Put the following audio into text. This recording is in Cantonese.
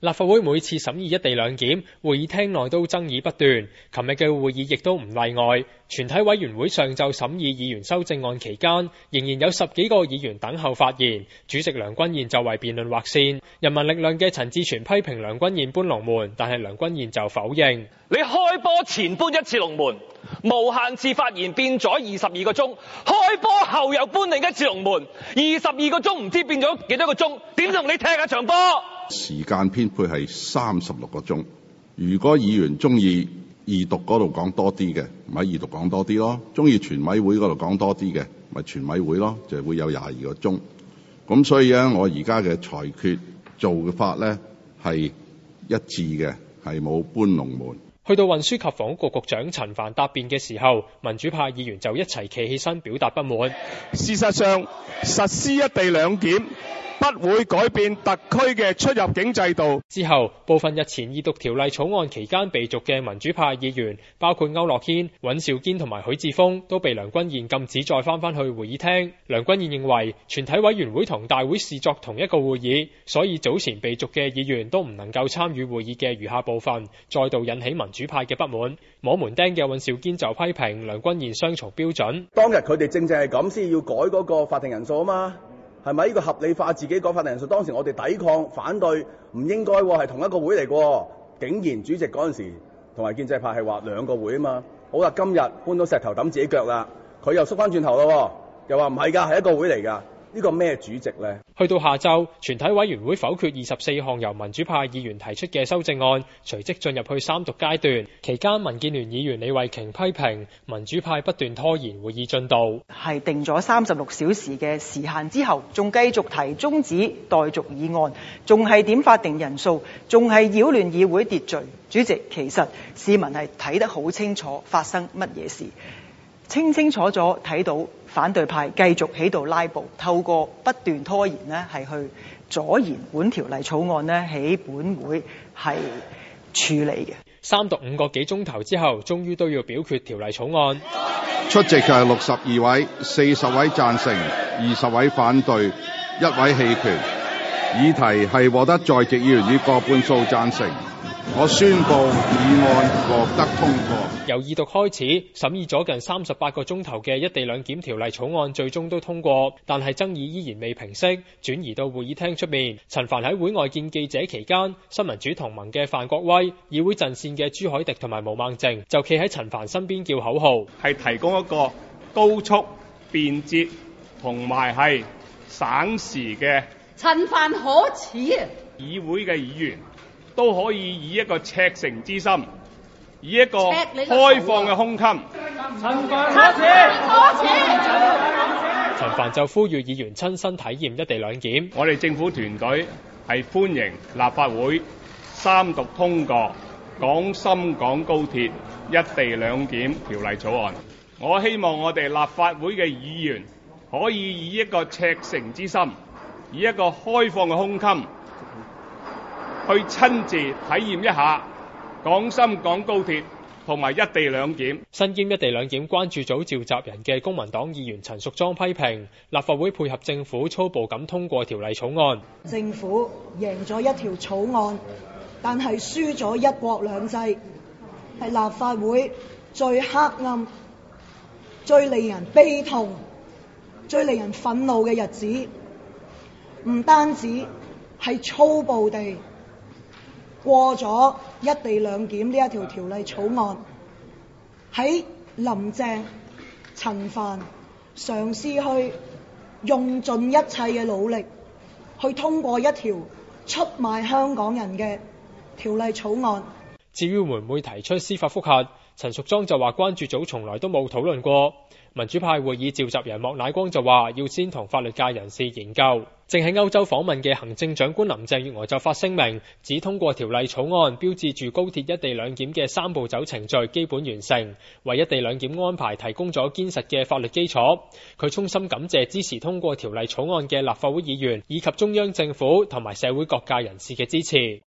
立法會每次審議一地兩檢，會議廳內都爭議不斷。琴日嘅會議亦都唔例外。全體委員會上晝審議議員修正案期間，仍然有十幾個議員等候發言。主席梁君彥就為辯論劃線。人民力量嘅陳志全批評梁君彥搬龍門，但係梁君彥就否認：你開波前搬一次龍門，無限次發言變咗二十二個鐘；開波後又搬另一次龍門，二十二個鐘唔知變咗幾多個鐘？點同你踢下、啊、場波？時間編配係三十六個鐘，如果議員中意二讀嗰度講多啲嘅，咪二讀講多啲咯；中意全委會嗰度講多啲嘅，咪全委會咯，就會有廿二個鐘。咁所以咧，我而家嘅裁決做嘅法咧係一致嘅，係冇搬龍門。去到運輸及房屋局局長陳帆答辯嘅時候，民主派議員就一齊企起身表達不滿。事實上，實施一地兩檢。不會改變特區嘅出入境制度。之後，部分日前二讀條例草案期間被逐嘅民主派議員，包括區諾軒、尹兆堅同埋許智峰，都被梁君彥禁止再返返去會議廳。梁君彥認為，全體委員會同大會視作同一個會議，所以早前被逐嘅議員都唔能夠參與會議嘅餘下部分，再度引起民主派嘅不滿。摸門釘嘅尹兆堅就批評梁君彥雙重標準。當日佢哋正正係咁先要改嗰個法定人數啊嘛。係咪，呢個合理化自己嘅法定人數？當時我哋抵抗反對唔應該該係同一個會嚟嘅，竟然主席嗰陣時同埋建制派係話兩個會啊嘛。好啦，今日搬到石頭揼自己腳啦，佢又縮翻轉頭咯，又話唔係㗎，係一個會嚟㗎。呢個咩主席呢？去到下晝，全體委員會否決二十四項由民主派議員提出嘅修正案，隨即進入去三讀階段。期間，民建聯議員李慧瓊批評民主派不斷拖延會議進度，係定咗三十六小時嘅時限之後，仲繼續提中止待續議案，仲係點法定人數，仲係擾亂議會秩序。主席，其實市民係睇得好清楚，發生乜嘢事。清清楚楚睇到反對派繼續喺度拉布，透過不斷拖延呢係去阻延本條例草案呢喺本會係處理嘅。三讀五個幾鐘頭之後，終於都要表決條例草案。出席嘅係六十二位，四十位贊成，二十位反對，一位棄權。議題係獲得在席議員以過半數贊成。我宣布議案獲得通過。由二讀開始，審議咗近三十八個鐘頭嘅一地兩檢條例草案最終都通過，但係爭議依然未平息，轉移到會議廳出面。陳帆喺會外見記者期間，新民主同盟嘅范國威、議會陣線嘅朱凱廸同埋毛孟靜就企喺陳帆身邊叫口號，係提供一個高速、便捷同埋係省時嘅。陳帆可恥！議會嘅議員。都可以以一個赤誠之心，以一個開放嘅胸襟。啊，陳，陳凡就呼籲議員親身體驗一地兩檢。我哋政府團隊係歡迎立法會三讀通過《港深港高鐵一地兩檢條例草案》。我希望我哋立法會嘅議員可以以一個赤誠之心，以一個開放嘅胸襟。去親自體驗一下港深港高鐵同埋一地兩檢。身兼一地兩檢關注組召集人嘅公民黨議員陳淑莊批評立法會配合政府粗暴咁通過條例草案。政府贏咗一條草案，但係輸咗一國兩制，係立法會最黑暗、最令人悲痛、最令人憤怒嘅日子。唔單止係粗暴地。過咗一地兩檢呢一條條例草案，喺林鄭、陳帆嘗試去用盡一切嘅努力，去通過一條出賣香港人嘅條例草案。至於會唔會提出司法覆核？陳淑莊就話：關注組從來都冇討論過。民主派會議召集人莫乃光就話要先同法律界人士研究。正喺歐洲訪問嘅行政長官林鄭月娥就發聲明，指通過條例草案，標誌住高鐵一地兩檢嘅三步走程序基本完成，為一地兩檢安排提供咗堅實嘅法律基礎。佢衷心感謝支持通過條例草案嘅立法會議員以及中央政府同埋社會各界人士嘅支持。